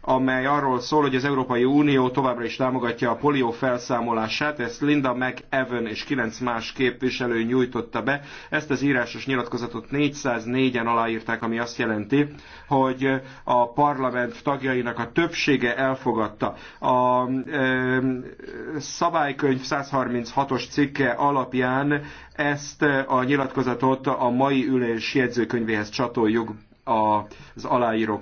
amely arról szól, hogy az Európai Unió továbbra is támogatja a polió felszámolását. Ezt Linda McEwan és kilenc más képviselő nyújtotta be. Ezt az írásos nyilatkozatot 404-en aláírták, ami azt jelenti, hogy a parlament tagjainak a többsége elfogadta. A e, szabálykönyv 136-os cikke alapján ezt a nyilatkozatot a mai ülés jegyzőkönyvéhez csatoljuk az aláírók